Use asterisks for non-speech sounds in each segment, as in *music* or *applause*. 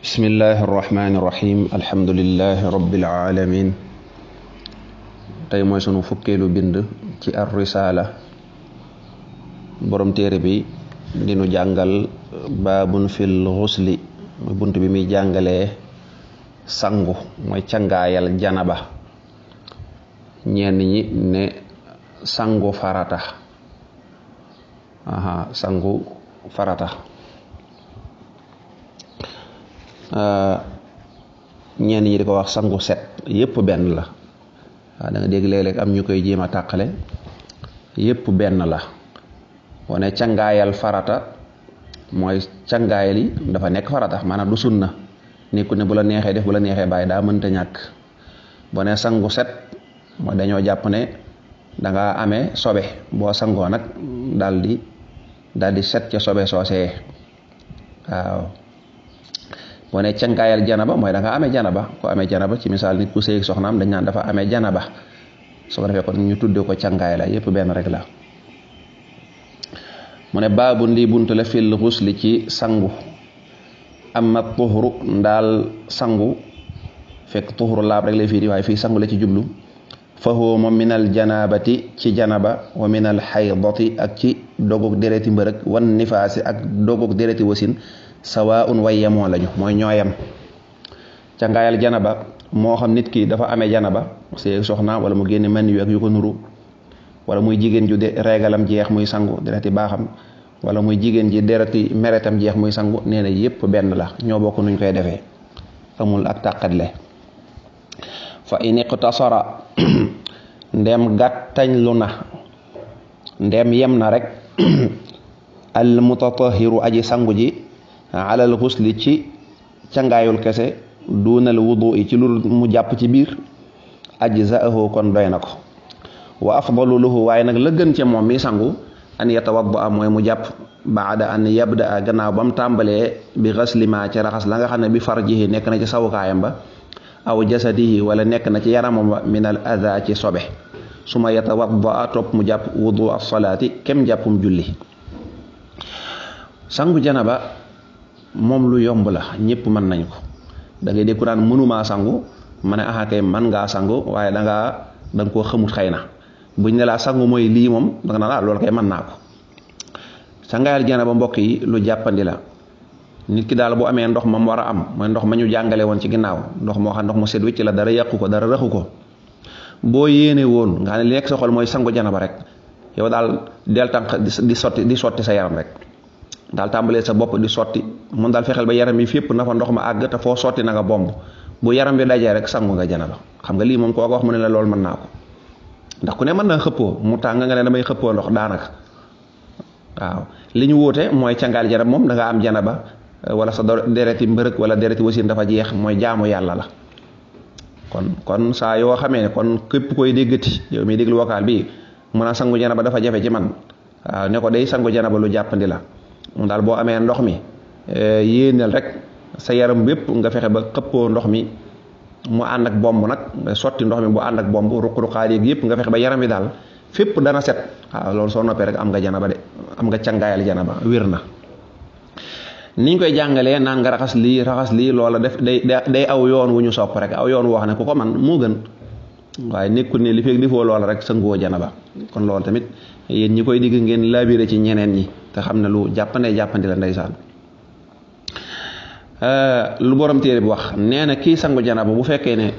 bismillahi arrahmani irrahim rabbil alamin tey mooy sunu fukkeelu bind ci ar risaala borom téere bi dinu jàngal baabun fil xusli muy bunt bi muy jàngale sangu mooy cangaayal janaba ñenn ñi ne sangu farata sangu farata Euh, ñenn ñi di ko wax sangu set yépp benn la waaw da dégg léeg-léeg am ñu koy jéem a tàqale yépp benn la wane cangaayal farata mooy cangaayal yi dafa nekk farata maanaam du sunna nekku ne bu la neexee def bu la neexee bàyyi daa mënta ñàkk boo ne sangu set mooy dañoo jàpp ne da ame sobe boo sangoo nag daldi di set ca sobe soose waaw wane ne cankaayal janaba mooy da nga amee janaba ko amee janaba ci misaal nit ku sëy soxnaam dañ naan dafa amee janaba su ko defee kon ñu tuddee ko cankaay la yépp benn rek la mu ne baabu ndi buntu la fil xusli ci sangu amma tuhru ndaal sangu fekk tuhru laab rek lay fii di waaye fii sangu la ci jublu fa huwa minal janaabati ci janaba wa minal xaydati ak ci dogog dereti mbërëg wan nifaasi ak dogog dereti wasin sawaun way yemoo lañu mooy ca ngayal jana ba moo xam nit kii dafa ame amee janaba see soxna wala mu génne mën yu ak yu ko nuru wala muy jigéen ju de reegalam jeex muy sangu dereti baaxam wala muy jigéen ji dereti meretam jeex muy sangu nee na yépp benn la ñoo bokk nuñ koy defe amul ak tàqatle fa in iqtasara *clears throat* ndem gàttañlu na ndem yem na rek *clears throat* al mutatahiru aji sangu ji alal xusli ci cangaayul kese duunal wudu yi ci lu mu jàpp ci biir ajzaahu kon doy na ko wa afdalu lahu waaye nag la gën ci moom mi sangu an yatawadda mooy mu jàpp baada an yabda gannaaw ba mu tàmbalee bi xaslima ci raxas la nga xam ne bi farjihi nekk na ci sawukaayam ba aw jasadihi wala nekk na ci yaramam ba minal ada ci sobe su ma yatawadda topp mu jàpp wudu as salaati kem jàppum julli sangu janaba moom lu yomb la ñëpp mën nañ ko dangay ngay dégg naan mënumaa sangu ma ne axakay man ngaa sangu waaye dangaa da koo xamut xëy na buñ ne laa sangu mooy lii moom danga nga naan ah loolu kay naa ko sangaayal janaaba mbokk yi lu jàppandi la nit ki daal bu amee ndox ma mu war a am ndox ma ñu jàngale woon ci ginnaaw ndox moo xam ndox mu set wicc la dara yàqu ko dara rëxu ko boo yéene woon nga xam ne li nekk sa xol mooy sangu janaba rek yow daal del tànq di sotti di sotti sa yaram rek daal tàmbalee sa bopp di sotti mun daal fexeel ba yaram yi fépp na fa ndox ma àgg te foo sotti na nga bomb bu yaram bi dajee rek sangu nga janaba xam nga lii moom koo ko wax mu ne la loolu mën naa ko ndax ku ne mën naa xëppoo mu tàng nga ne damay xëppoo ndox daanaka waaw li ñu wuute mooy cangaal yaram moom da nga am janaba euh, wala sa dereti mbërëg wala dereti wasin dafa jeex mooy jaamu yàlla la kon kon saa yoo xamee ne kon képp koy déggati yow miy déglu vocal bi mun a sangu janaba dafa jafe ci man waaw ko day sangu janaba lu jàppandi la mu daal boo amee ndox mi Eh, yéeneel rek sa yaram bépp nga fexe ba xëppoo ndox mi mu ànd ak bomb nag sotti ndox mi bu ànd ak bomb ruq-ruqaale gi yëpp nga fexe ba yaram bi daal fépp dana set waaw loolu soo noppee rek am nga janaba de am nga càngaayal janaba wér na niñ koy jàngalee naan nga raxas lii raxas lii loola def day day aw yoon wu ñu sopp rek aw yoon woo xam ne ku ko man moo gën waaye nekkul ne li fekk defoo loola rek jana janaba kon loolu tamit yéen ñi koy digg ngeen labiré ci ñeneen ñi te xam ne lu jàppandee jàppandi la ndeysaan Euh, lu borom téere bu wax nee na kii sangu janaaba bu fekkee ne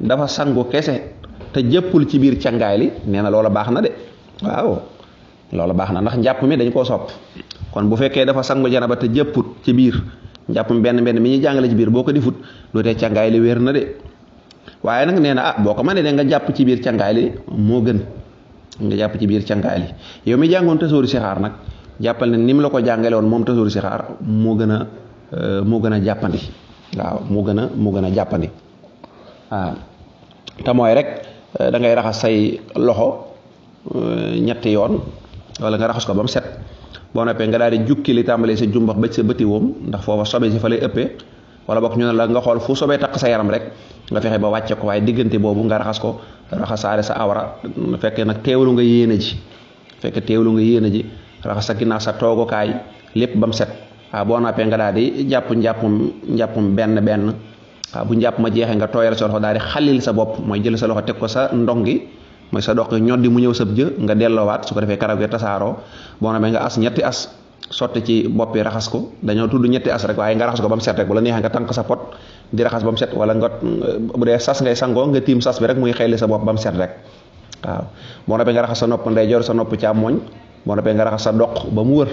dafa sangu kese te jëppul ci biir cangaay li nee na loola baax na de waaw loola baax na ndax njàpp mi dañ koo sopp kon bu fekkee dafa sangu janaaba te jëpput ci biir njàpp mi benn benn mi ñuy jàngale ci biir boo ko defut dootee cangaay li wér na de waaye nag nee na ah boo ko mënee de nga jàpp ci biir cangaay li moo gën nga jàpp ci biir cangaay li yow mi jàngoon tasóori sixaar nag jàppal ne ni mu la ko jàngale moom tasóori sixaar moo gën a Euh, moo gën a jàppandi waaw moo gën a moo gën a jàppandi waaw te rek euh, dangay raxas say loxo euh, ñetti yoon wala nga raxas ko ba mu set boo noppee nga daal di jukki li tàmbalee sa jumbax ba sa bëti woom ndax foofa sobe si fa lay ëppee wala bokk ñu ne la nga xool fu sobee takk sa yaram rek nga fexe ba wàcce ko waaye diggante boobu nga raxas ko raxasaale sa awra fekkee nag teewlu nga yéene ji fekkee teewlu nga yéene ji raxas sa ginnaaw sa toogukaay lépp ba mu set waaw boo noppee nga daal di jàpp njàppum njàppum benn benn waaw bu jàpp ma jeexee nga tooyal sa loxo daal di xalil sa bopp mooy jël sa loxo teg ko sa ndong gi mooy sa dox ñoddi mu ñëw sëb jë nga delloowaat su ko defee karaw tasaaroo boo noppee nga as ñetti as sotti ci boppi raxas ko dañoo tudd ñetti as waaye nga raxas ko ba mu set rek la neexee nga tànk sa pot di raxas ba wala nga bu dee sas ngay sangoo nga tiim sas bi rek muy xelli sa bopp bam mu set rek waaw boo noppee nga raxas sa nopp ndeyjoor sa nopp càmmoñ boo noppee nga raxas sa doq ba mu wër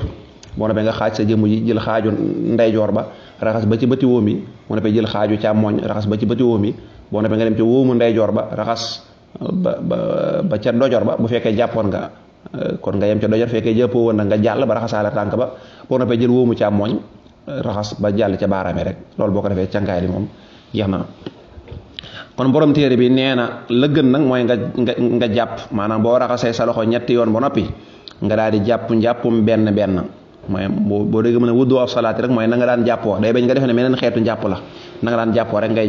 boo noppee nga xaaj sa jëmm ji jël xaaju ndeyjoor ba raxas ba ci bëti wóom yi boo noppee jël xaaju càmmooñ raxas ba ci bëti wóom yi boo nga dem ca wóomu ndeyjoor ba raxas ba ba ca ndojor ba bu fekkee jàppoon nga euh, kon nga yem ca ndojor fekkee jàppoo woon nag nga jàll ba raxasaale tànk ba boo noppee jël wóomu càmmooñ raxas ba jàll ca baaraam yi rek loolu boo ko defee càngaay li moom jeex na kon boroom téere bi nee na la gën nag mooy nga nga nga jàpp maanaam boo raxasee sa loxo ñetti yoon ba noppi nga daal di jàpp njàppum benn benn mooy boo déggee mu ne wuddu aw salaati rek mooy nanga nga daan jàppoo day bañ nga defee ne meneen xeetu njàpp la na nga daan jàppoo rek mhm.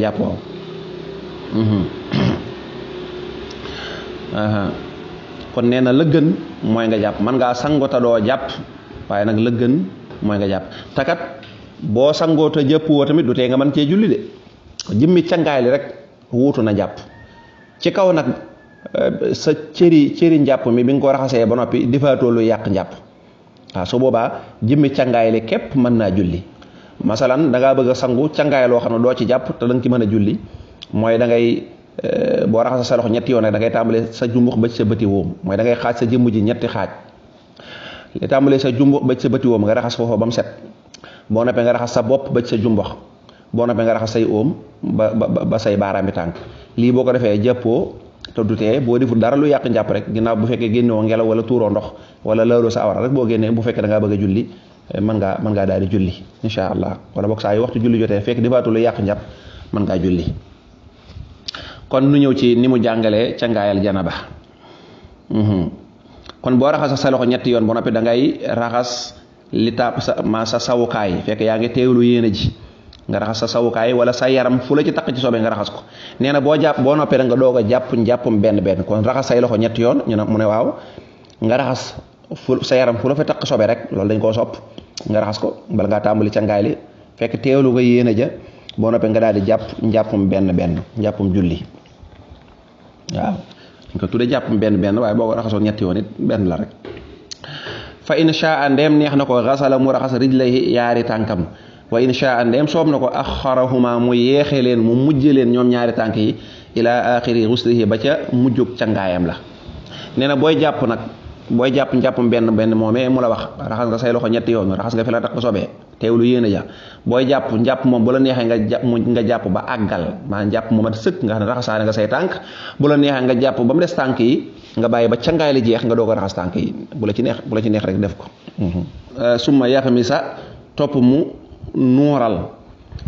*coughs* nee na la gën mooy nga jàpp man ngaa sangoota jàpp waaye nag la gën mooy nga jàpp takat boo sangoota jàppoo tamit du tee nga mën cee julli de jimmi cangaay rek wuutu na jàpp ci kaw nag euh, sa cëri cëri njàpp mi bi nga ko raxasee ba noppi difaatoo lu yàq njàpp waaw su boobaa jëmmi càngaay li képp mën naa julli masalan da ngaa bëgg a sangu càngaay loo xam ne doo ci jàpp te da ci mën a julli mooy da ngay eh, boo raxas sa loxo ñetti yoon rek da ngay tàmbalee sa jumbux ba ci sa bëti wóom mooy da ngay xaaj sa jëmm ji ñetti xaaj li tàmbalee sa jumbux ba ci sa bëti wóom nga raxas foofu ba mu set boo noppee nga raxas sa bopp ba sa jumbux boo noppee nga raxas say óom ba ba say bi tànk lii boo ko defee jàppoo te du tee boo deful dara lu yàq njàpp rek ginnaaw bu fekkee génnewoo ngelaw wala tuuroo ndox wala laaloo sa awara rek boo génnee bu fekkee da ngaa bëgg a julli eh, mën ngaa mën ngaa daal di julli incha allah wala boog saa yu waxtu jotee fekk defaatu lu yàq njàpp mën ngaa julli kon nu ñëw ci ni mu jàngalee ca ngaayal janaba mhm. kon boo raxas sa loxo ñetti yoon ba noppi da ngay raxas li taab sa ma sa sawukaay fekk yaa ngi teewlu yéene ji nga raxas sa sawukaay wala sa yaram fu la ci taq ci soobee nga raxas ko neena boo jàpp boo noppee da nga doog jàpp njàppum benn benn kon raxas say loxo ñetti yoon ñu ne mu ne waaw nga raxas fu sa yaram fu la fa taq soobee rek loolu dañ koo sopp nga raxas ko bala ngaa ca ngaay li fekk teewlu nga yéen a ja boo noppee nga daal di jàpp njàppum benn benn njàppum julli waaw dañ ko tuddee jàppum benn benn waaye boo ko raxasoo ñetti yoon it benn la rek fa in shaa neex na ko xasala mu raxas rijlay yaari tànkam wa insha ndeem soob na ko axarahuma mu yeexe leen mu mujje leen ñoom ñaari tànk yi ila axiri ruslihi ba ca mujjug cangaayam la nee na booy jàpp nag booy jàpp njàppam benn benn moomee mu la wax raxas nga say loxo ñetti yoon raxas nga fi la tax ba sobee teewlu yéen a ja booy jàpp njàpp moom bu la neexee nga jàpp nga jàpp ba àggal maanaam jàpp moom at sëkk nga xam ne raxasaane nga say tànk bu la neexee nga jàpp ba mu des tànk yi nga bàyyi ba cangaay li jeex nga doo ko raxas tànk yi bu la ci neex bu la ci neex rek def ko mm-hmm. euh, summa yaxmisa topp mu nuural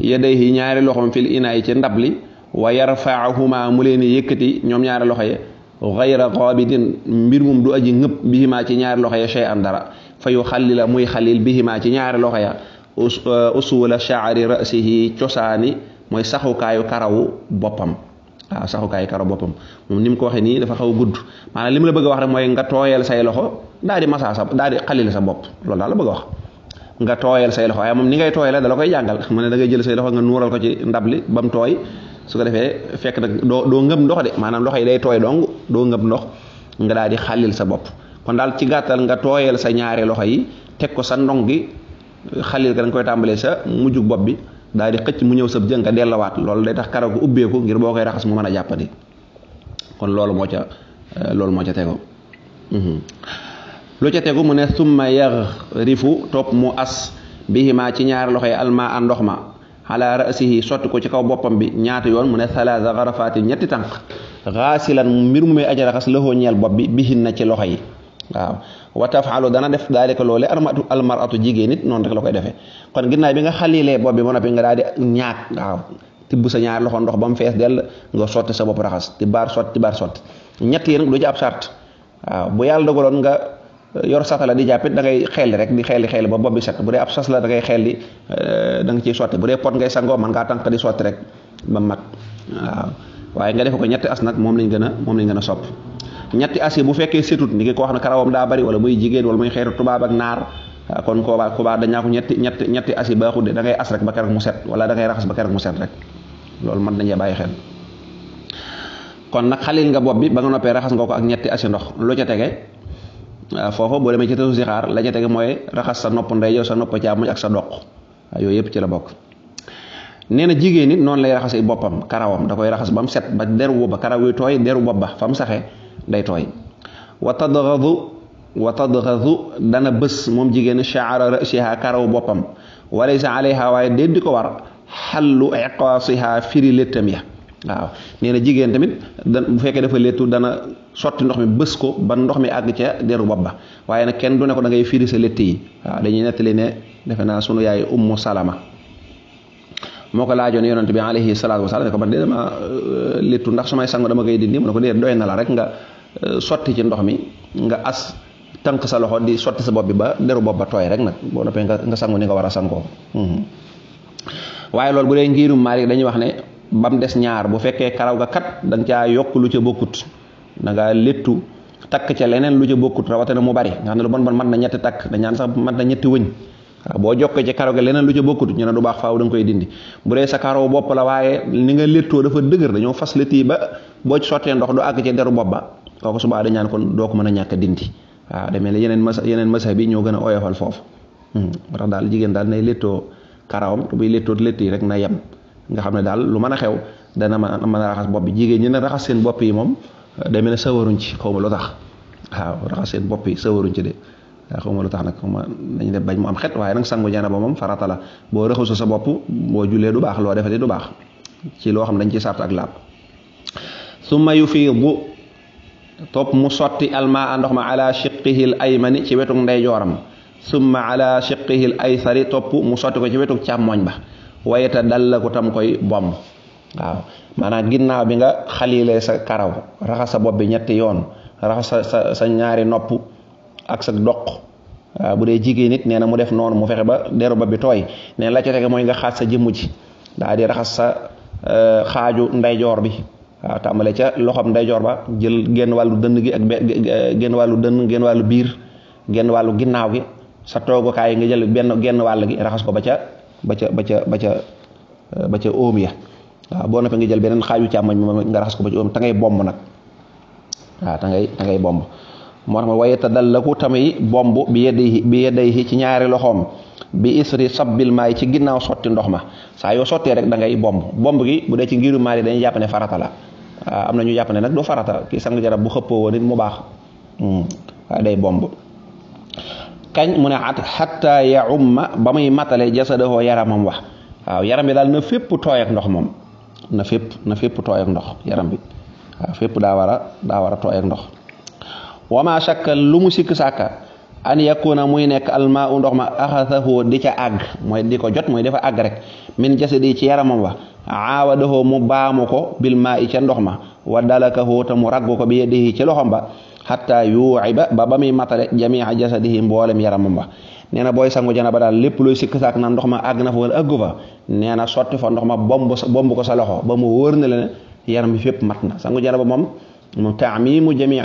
yadayhi ñaari loxoom fil inaay ci ndab li wa yarfaahuma mu leen yëkkati ñoom ñaari loxo ye gayra xaabidin mbir mum du aji ngëpp bihimaa ci ñaari loxo ya shay'an dara fa yu xallila muy xalil bihimaa ci ñaari loxo ya usula uh, shaari rasihi cosaani mooy saxukaayu karawu boppam waaw saxukaayu karawu boppam moom ni mu ko waxee nii dafa xaw gudd maanaam li mu la bëgg a wax rek mooy nga tooyal say loxo daal di masaa sa daal di xalil sa bopp lool daal nga tooyal say loxo waaye moom ni ngay tooyalee da la koy jàngal mu ne da ngay jël say loxo nga nuural ko ci ndab li ba mu tooy su ko defee fekk nag doo doo ngëb ndox de maanaam loxo yi day tooy dong doo ngëb ndox nga daal di xàllil sa bopp kon daal ci gàttal nga tooyal sa ñaari loxo yi teg ko sa ndong gi xàllil ka da koy tàmbalee sa mujjug bopp bi daal di xëcc mu ñëw sa jën nga dellawaat loolu day tax karaw ko ubbeeku ngir boo koy raxas mu mën a jàppandi loolu moo ca moo ca tego mm-hmm. lu ca tegu mu ne summa yaxrifu topp mu as bihimaa ci ñaari loxoy alma a ndox ma ala rasihi sotti ko ci kaw boppam bi ñaata yoon mu ne salaasa xarafaati ñetti tànk xaasilan mbir mu muy aja raxas loxoo ñeel bopp bi bihin na ci loxo yi waaw wa tafalu dana def daalika loole almaratu almaratu jigéen it noonu rek la koy defee kon ginnaaw bi nga xalilee bopp bi ba noppi nga daal di ñaak waaw tibb sa ñaari loxo ndox ba mu fees dell nga sotti sa bop raxas ti baar sotti ti baar yor satala di jàppit dangay ngay xeeli rek di xeeli xeeli ba bopp bi set bu dee ab sas la da ngay xeeli eh, da nga ciy sotti bu dee pot ngay sangoo man ngaa tànk di sotti rek ba mat waaw waaye nga def ko ñetti as nag moom lañ gën a moom lañ gën a sopp ñetti as yi bu fekkee setut ni ki koo xam ne karawam daa bari wala muy muy xeetu tubaab ak naar ah, kon koobaa koobaa dañaa ko ñetti ñetti ñetti as yi baaxul de da as rek mu set wala da ngay raxas ba keroog mu set rek loolu man dañee bàyyi xel kon nag xalil nga bopp bi ba nga noppee raxas nga ko ak ñetti asi ndox lu ca tege Euh, foofa boo demee ci tasu sixaar la ca teg mooy raxas sa nopp ndeyjoor sa nopp càmmoñ ak sa doq yooyu yëpp ci la bokk nee na jigéen it noonu lay raxas boppam karawam da koy raxas ba mu set ba deru booba karaw yu tooy deru bopp ba fa mu saxee day tooy wa tadgadu wa tadgadu dana bës moom jigéen chaara rasiha karaw boppam walaysa alayha waaye déet ko war xallu iqaasiha firi léttam ya waaw nee jigéen tamit bu fekkee léttu dana sotti ndox mi bës ko ba ndox mi àgg ca deru bopp ba waaye nag kenn du ne ko dangay ngay firi sa létt yi waaw dañuy nettali ne defe naa sunu yaay ummu salama moo ko laajoon yonent bi alayhi salaatu wasalaam ko man de dama euh, léttu ndax su may dama koy dindi mu ne ko na la rek nga euh, sotti ci ndox mi nga as tànk sa loxo di sotti sa bopp bi ba deru bopp ba rek nag boo noppee nga sangu ni nga war a sangoo mhm. waaye loolu wax ne ba mu des ñaar bu fekkee karaw ga kat da nga yokk lu ca bokkut da ngaa léttu takk ca leneen lu ca bokkut rawatina mu bari nga xam ne lu bon na ñetti takk dañaan sax mat na ñetti wëñ waaw ah. boo jokkee ci leneen lu ca bokkut ñu ne du baax faaw da koy dindi bu dee sa waaye ni nga léttoo dañoo fas létti ba boo sottee ndox du àgg ci deru bopp ba kooku subaa dañ ñaan kon doo ko mën a ñàkk dindi waaw demee la yeneen mas yeneen bi ñoo gën a oyofal foofu hmm. moo tax daal jigéen daal nay léttoo karawam te buy léttoo létt yi rek na yem nga xam ne daal lu mën a xew dana mën a raxas bopp bi jigéen ñi ne raxas seen bopp yi moom day mel ne sawaruñ ci xaw ma lu tax waaw raxas seen bopp yi sawaruñ ci de waaw xaw ma lu tax nag xaw ma de bañ mu am xet waaye nag sangu janaaba moom farata la boo raxasu sa bopp boo julee du baax loo defati du baax ci loo xam dañ ci sart ak laab summa bu topp mu sotti almaa ndox ma ala shiqihil aymani ci wetuk ndeyjooram summa ala ay sari topp mu sotti ko ci wetuk càmmooñ ba wayeta dal la ko tam koy bomb waaw maanaam ginnaaw bi nga xalilee sa karaw raxas sa bopp bi ñetti yoon raxas sa sa ñaari nopp ak sa doq waaw bu dee jigéen it nee na mu def noonu mu fexe ba deru bopp bi tooy neen la ca tege mooy nga xaaj sa jëmm ji daa di raxas sa euh, xaaju ndeyjoor bi waaw tàmbale ca loxoom ndeyjoor ba jël genn wàllu dënn genn wàllu dënn genn wàllu biir genn wàllu ginnaaw gi sa toogukaay nga jël benn genn wàll gi raxas ko ba ca ba ca ba ca ba ca euh, ba ca óom ya waaw boo noppee nga jël beneen xaaju càmmoñ moom nga raxas ko ba ci oom ta ngay bomb nag ngay ta bomb moo tax ma la ku bomb bi yedday bi yedday loxoom bi isri sabbil maay ci ginnaaw sotti ndox ma saa yoo sottee rek da ngay bomb bomb bu dee ci ngiru maali dañuy jàpp ne farata la am na ñu ne nag du farata kii sang jarab bu xëppoo woon nit hmm. bomb kañ mu ne at xatta ya umma ba muy matale jasadahoo yaramam wax waaw yaram bi daal na fépp tooy ndox moom na fépp na fépp tooy ndox yaram bi waaw fépp daa wara a ndox war ma tooy ak ndox wama lu mu sikk sàkka an yakuna muy nekk almaa u ndox ma axasahu di ca àgg mooy di ko jot mooy dafa àgg rek min jasadi ci yaramam wa aawa doxoo mu baamu ko bil maa i ca ndox ma wa dalakahu te mu raggu ko bi yadihi ci loxom ba xatta yuuxiba ba ba muy matale jamiixa jasadihi mboolem yaramam ba nee na booy sangu jana ba daal lépp looy sikk saak naan ndox ma àgg na fa wala àggu fa nee na sotti fa ndox ma bomb bomb ko sa loxo ba mu wóor na la ne yaram bi fépp mat na sangu jana moom moom taamimu jamii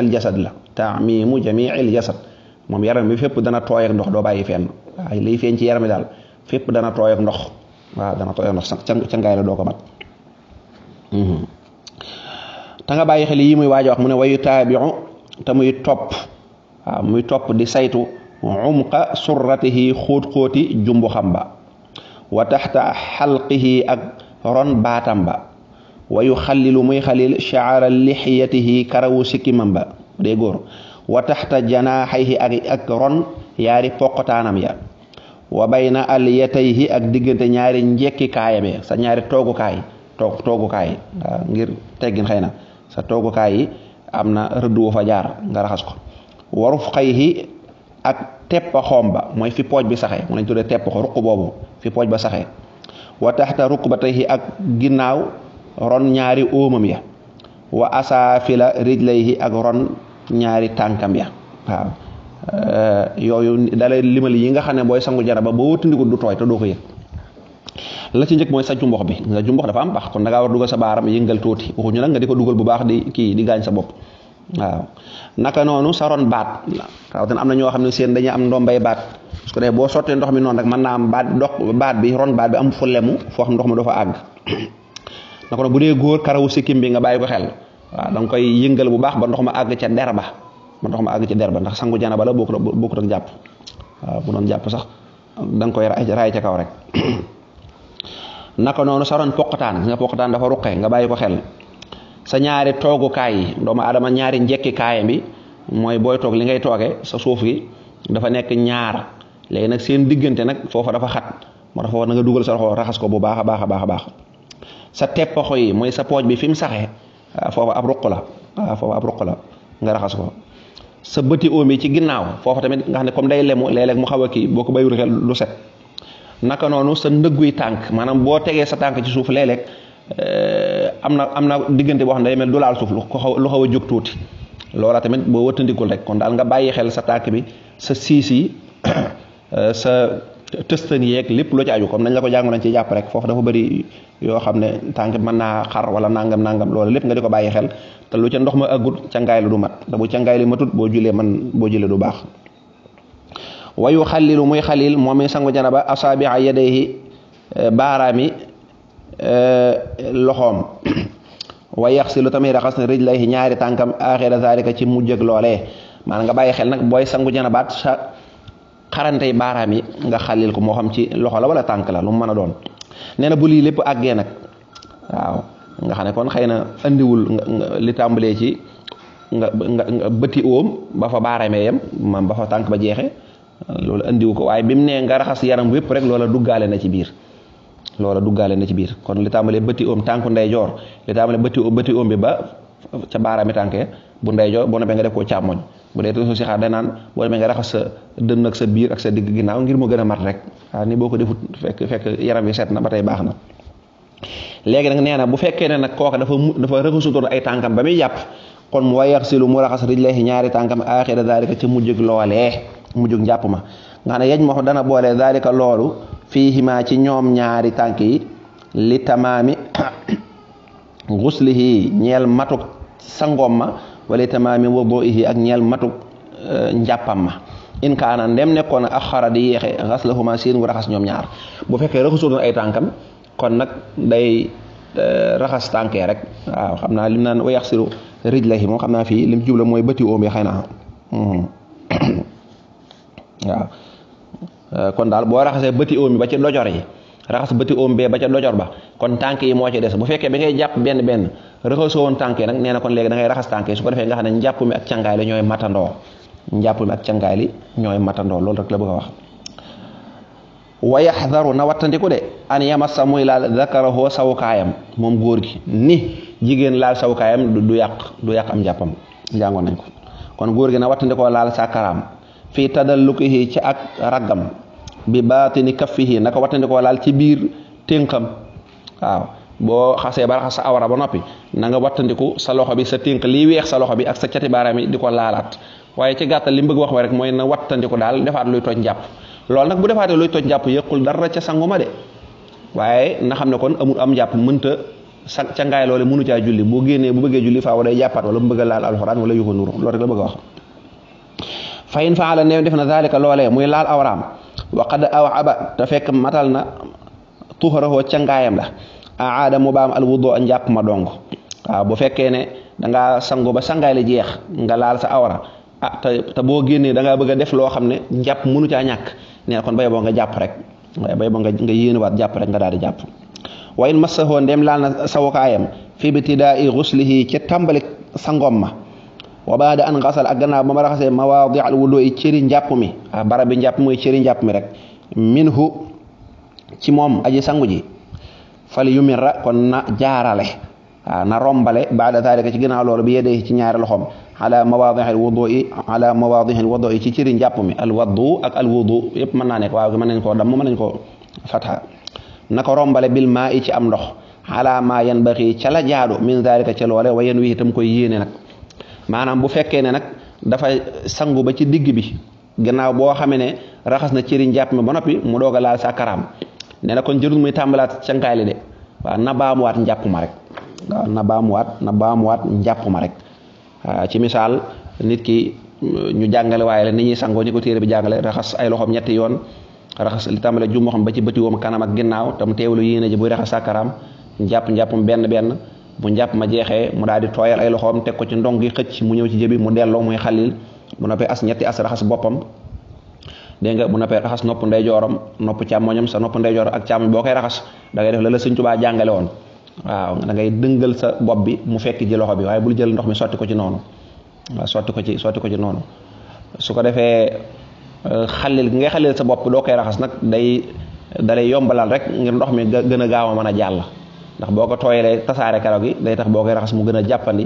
yaram bi fépp dana tooy ak doo bàyyi fenn waaye liy feeñ ci yaram bi daal fépp dana tooy ak ndox waaw dana tooy ak ndox cangaay la doo ko mat mhm. xel yi muy waajo wax mu ne wayu taabiu te muy topp muy topp di saytu umqa surratihi xóot xóoti jumbu xam ba wa taxta xalqihi ak ron baatam ba wayu xallilu muy xalil shaara lixiyatihi karawu sikkimam ba dee góor wa taxta janaaxayhi ak ron yaari poqotaanam ya wa bayna alyatayhi ak diggante ñaari njekki kaayame sa ñaari toogukaay toog toogukaay ngir teggin xëy na sa toogukaay yi am na rëdd fa jaar nga raxas ko waruf xayhi ak teppa xoom ba mooy fi pooj bi saxee mu lañ tuddee tepp ko ruq boobu fi pooj ba saxee wa taxta rukk ba tey ak ginnaaw ron ñaari óomam ya wa asaafila rijlayhi ak ron ñaari tànkam ya waaw yooyu dalay limal yi nga xam ne booy sangu jaraba boo tindi ko du tooy te doo ko yëg la ci njëkk mooy sàccu mbox bi sàccu mbox dafa am baax kon da ngaa war dugal sa baaram yëngal tuuti waxuñu nag nga di ko dugal bu baax di kii di gaañ sa bopp waaw naka noonu saroon baat waaw ten am na ñoo xam ne seen dañuy am ndombay baat boo sottee ndox mi noonu rek mën naa am baat dox baat bi ron baat bi am fu lemu foo ndox mi dafa àgg *coughs* naka noonu bu dee góor karawu sikkim bi nga bàyyi ko xel waaw koy yëngal bu baax ba ndox ma àgg ca der ba ba ndox ma àgg ca der ba ndax sangu bala ba la bokkut ak jàpp waaw bu doon jàpp sax da nga koy raay ca kaw rek *coughs* naka noonu sa ron poqataan gis nga poqataan dafa ruqe nga bàyyi ko xel sa ñaari toogukaay yi doomu adama ñaari njekki kaayam bi mooy booy toog li ngay tooge sa suuf gi dafa nekk ñaar léegi nag seen diggante nag foofa dafa xat moo tax foofa na nga dugal sa loxo raxas ko bu baax a baax a baax a baax sa teppaxo yi mooy sa pooj bi fi mu saxee ah, foofa ab ruq la waaw ah, ab ruq la nga raxas ko sa bëti oom yi ci ginnaaw foofa tamit nga xam ne comme day lemu léeg-léeg mu xaw a kii boo ko bàyyiwul lu set naka noonu sa ndëgguy tànk maanaam boo tegee sa tànk ci suuf léeg-léeg eh, am na am na diggante boo xam ne mel du laal suuf lu ko xaw lu xaw a jóg tuuti loola tamit boo wëttandikul rek kon daal nga bàyyi xel sa tànk bi sa siis yi *coughs* eh, sa yeeg lépp lu ci aju nañ la ko jàngoon nañ ci jàpp rek foofu dafa bari yoo xam ne tànk mën naa xar wala nangam nangam loolu lépp nga di ko bàyyi xel te lu ca ndox ma aggut cangaay lu du mat te bu cangaay li matut boo julee man boo julee du baax wa yu xallilu muy xalil moom mi sangu janaba asaabiha yadayhi eh, baaraami eh, loxoom *clears throat* wa lu tamit raxas na rijlayhi ñaari tànkam axira zalika ci mujjëg loolee nga bàyyi xel nag booy sangu janabaat sa xarantey baaraam yi nga xalil ko moo xam ci loxo la wala tànk la lu mu mën a doon nee na bu lii lépp àggee nag waaw nga xam ne kon xëy na andiwul li tàmbalee ci nga nga bëti óom ba fa baaraamee yem maam ba fa tànk ba jeexe loolu indiwu ko waaye bi mu nee nga raxas yaram wépp rek loola duggaale na ci biir loola duggaale na ci biir kon li tàmbalee bëtti oom tànk ndeyjoor li tàmbalee bëti bëti oom bi ba ca baaraami tànkee bu ndeyjoor boo ba nga def koo càmmoñ bu dee tësu si xaar day raxas sa dënn ak sa biir ak sa digg ginnaaw ngir mu gën a mat rek ni boo ko defut fekk fekk yaram bi set na ba tey baax na léegi nag nee na bu fekkee ne nag kooka dafa dafa rëxasutoon ay tànkam ba muy yàpp kon mu wayax silu mu raxas rijlayhi ñaari tànkam axira daalika ca mujjëg loolee mu jug ma nga ne yej ma dana boole zalika loolu fiihimaa ci ñoom ñaari tànk yi li tamaami *coughs* guslihi ñeel matuk sangoom ma wala tamaami wuduihi ak ñeel matuk euh, njàppam ma in kaana ndem nekkoon axara di yéexe xaslahuma seen wu raxas ñoom ñaar bu fekkee raxasul na ay tànkam kon nag day euh, raxas tànkee rek waaw xam naa lim naan wa yaxsilu rijlahi moom xam naa fii lim jubla mooy bëti óom yi xëy *coughs* waaw euh, kon daal boo raxasee bëti oom ba ci ndojor yi raxas bëti oom bee ba ca ndojor ba kon tànk yi moo ci des bu fekkee bi ngay jàpp benn benn raxasoo woon tànk nag nee na kon léegi da raxas tànk yi su ko defee nga xam ne njàpp mi matandoo njàpp ak càngaay li ñooy matandoo loolu rek la bëgg a wax na wattandiku de an yamassa muy laal zakarahoo sawukaayam moom góor gi ni jigéen laal sawukaayam du yàq du yàq am njàppam jàngoon nañ ko kon góor gi na wattandikoo laal sàkkaraam fii taddal tadallukihi ci ak raggam bi ni baatini kaffihi naka watandi ko laal ci biir tënkam waaw boo xasee ba raxas sa awra ba noppi na nga wattandiku sa loxo bi sa tënk liy weex sa loxo bi ak sa cati baaraam yi di ko laalaat waaye ci gàttal li mu bëgg wax rek mooy na wattandiku daal defaat luy toj njàpp lool nag bu defaatee luy toj njàpp yëqul dara ca sanguma de waaye na xam ne kon amul am njàpp mënta sa ca ngaay loole mënu caa julli boo génnee bu bëggee julli a laal alxuraan wala yu ko la bëgg wax fa in faala def na zalika loolee muy laal awraam waqad aw aba te fekk matal na tuxarahoo ca ngaayam la aada mu baam al wudu njàpp ma dong waaw bu fekkee ne danga sangu ba sangaay li jeex nga laal sa awra ah te boo génnee dangaa bëgg a def loo xam ne njàpp mënu caa ñàkk nee kon bay boo nga jàpp rek bay boo nga nga yéenuwaat jàpp rek nga daal di jàpp wa in massahoo ndem laal na sawukaayam fi ibtidaai xuslihi ca tàmbali sangoom ma wa baada an xasal ak gannaaw ma raxasee mawaadi al wudu i cëri njàpp mi ah barab bi mooy cëri njàpp mi rek minhu ci moom aji sangu ji fal yumirra kon na jaarale waaw ah, na rombale baada dalika ci gannaaw loolu bi yedee ci ñaari loxoom ala mawaadix al wudu i ala mawaadix ci cëri njàpp mi al wadu ak al mën naa nekk waaw mën nañ koo damm mën na ko rombale bil maa i ci am ndox ala ma yan baxi ca la jaadu min dalika ca loole wa yen wi itam koy yéene nag maanaam bu fekkee ne nag dafa sangu ba ci digg bi gannaaw boo xamee ne raxas na cëriñ njàpp mi ba noppi mu doog a laal sàkkaraam nee na kon jërul muy tàmbalaat cankaay li de waaw na baamuwaat njàpp ma rek waaw na baamuwaat na baamuwaat njàpp ma rek ci misaal nit ki ñu jàngale waaye la ni ñuy sangoo ni ko téere bi jàngale raxas ay loxoom ñetti yoon raxas li tàmbale jumbo xam ba ci bëti woom kanam ak ginnaaw tam teewlu yéene ji buy raxas sàkkaraam njàpp njàppum benn benn bu njàpp ma jeexee mu daal di tooyal ay loxoom teg ko ci ndong gi xëcc mu ñëw ci jëbi mu delloo muy xalil bu noppee as ñetti as raxas boppam dégg nga bu noppee raxas nopp ndeyjooram nopp càmmoñam sa nopp ndeyjoor ak càmmoñ boo koy raxas dangay def la la sëñ Tuubaa jàngale woon waaw da ngay dëngal sa bopp bi mu fekk ji loxo bi waaye bul jël ndox mi sotti ko ci noonu waaw ko ci sotti ko ci noonu su ko defee euh, xalil gi ngay xalil sa bopp doo koy raxas nag day dalay yombalal rek ngir ndox mi gën a gaaw a mën a jàll ndax boo ko tooyalee tasaare karaw gi day tax boo koy raxas mu gën a jàppandi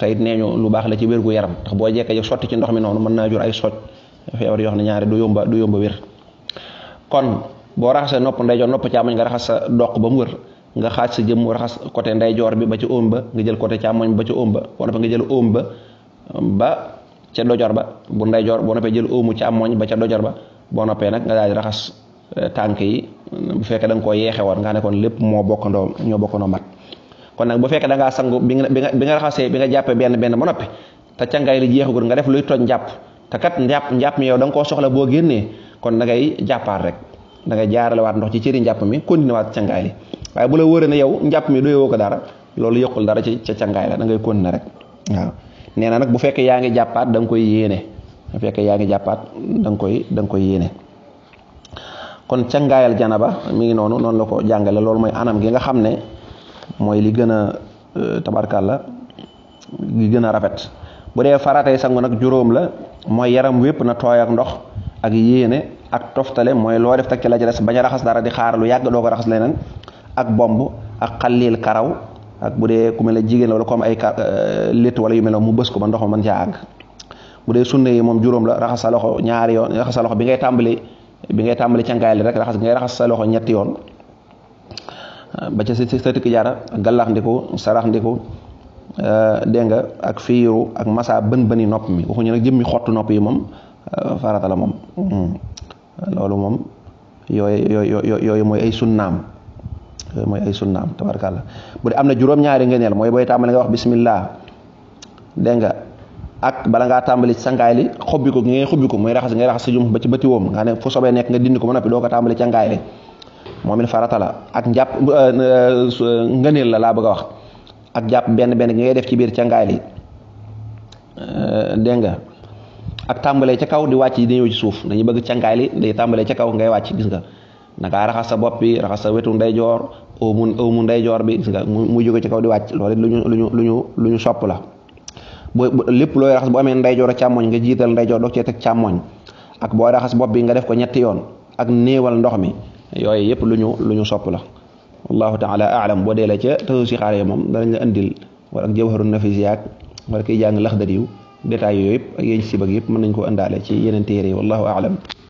tey nee ñu lu baax la ci wér gu yaram ndax boo jekk jeg sotti ci ndox mi noonu mën naa jur ay soj feebar yoo xam ñaari du yomba du yomba wér kon boo raxasee nopp ndeyjoor nopp càmmoñ nga raxas sa doq ba mu wër nga xaaj sa jëmm raxas côté ndeyjoor bi ba ci óom nga jël côté càmmoñ ba ci óom ba nga jël óom ba ba ca dojor ba bu ndeyjoor boo noppee jël óomu càmmoñ ba ca dojoor ba boo noppee nag nga daal di raxas tànk yi bu fekkee da nga koo yeexe woon nga ne kon lépp moo bokkandoo ñoo bokkandoo mat kon nag bu fekkee da ngaa sangu bi nga nga bi bi nga jàppee benn benn ba noppi te càngaay li nga def luy toj njàpp te kat njàpp njàpp yow da nga koo soxla boo génnee kon da ngay jàppaat rek da ngay jaarale ndox ci cëri njàpp mi continué waat càngaay li bu la wóoree ne yow njàpp mi doyoo ko dara loolu yokkul dara ci ca càngaay la da ngay continué rek waaw nee na nag bu fekkee yaa ngi jàppaat da nga koy yéene bu fekkee yaa ngi jàppaat danga koy danga koy yéene kon cangaayal janaba mi ngi noonu noonu la ko jàngale loolu mooy anam gi nga xam ne mooy li gën a euh, tabarkàlla li gën a rafet bu dee faratay sangu nag juróom la mooy yaram wépp na tooy ndox ak yéene ak toftale mooy loo def teg la ci des bañ raxas dara di xaar lu yàgg ko raxas leneen ak bomb ak xalliil karaw ak bu dee ku mel ne jigéen la comme ay euh, létt wala yu mel ne mu bës ko ba ndox ma mën caa àgg bu dee sunna yi moom juróom la raxas ñaari yoon raxas bi ngay tàmbali bi ngay tàmbali cangaay li rek raxas bi ngay raxas sa loxo ñetti yoon ba ca sa sa tëkk jaara gàllax ndiku sarax euh, ak fiiru ak masaa bën bëni nopp mi waxuñu nag jëmmi xottu nopp yi moom euh, farata la moom hmm. loolu moom yooyu yooyu yooyu mooy ay sunnaam yooyu mooy ay sunnaam tabarkàlla bu dee am na juróom-ñaari ngëneel mooy booy tàmbali nga wax bismillah dégg ak bala ngaa tàmbali sangaay li xobbi ko ngay xobbi ko mooy raxas ngay raxas sa jum ba ci bëti woom nga xam ne fu sobee nekk nga dindi ko ba noppi doo ko tàmbali cangaay li moom it farata la ak njàpp euh, euh, ngëneel la laa bëgg a wax ak jàpp benn benn gi ngay def ci biir cangaay li euh, dégg nga ak tàmbalee ca kaw di wàcc di ñëw ci suuf dañuy bëgg cangaay li day tàmbalee ca kaw ngay wàcc gis nga dangaa raxas sa bopp bi raxas sa wetu ndeyjoor au mu mu ndeyjoor bi gis nga mu muy jóge ci kaw di wàcc loolu lu ñu lu ñu lu ñu lu ñu sopp la bu lépp looy raxas boo amee ndeyjoor ak càmmoñ nga jiital ndeyjoor doog cee teg càmmoñ ak booy raxas bopp bi nga def ko ñetti yoon ak néewal ndox mi yooyu yëpp lu ñu lu ñu sopp la wallahu taala aalam boo dee la ca tasu si xaar yi moom danañ la indil wala ak jawharu nafis yaag wala kiy jàng laxdariw détails yooyu yëpp ak yéen ci sibag yëpp mën nañ koo indaale ci yeneen téere yi wallahu aalam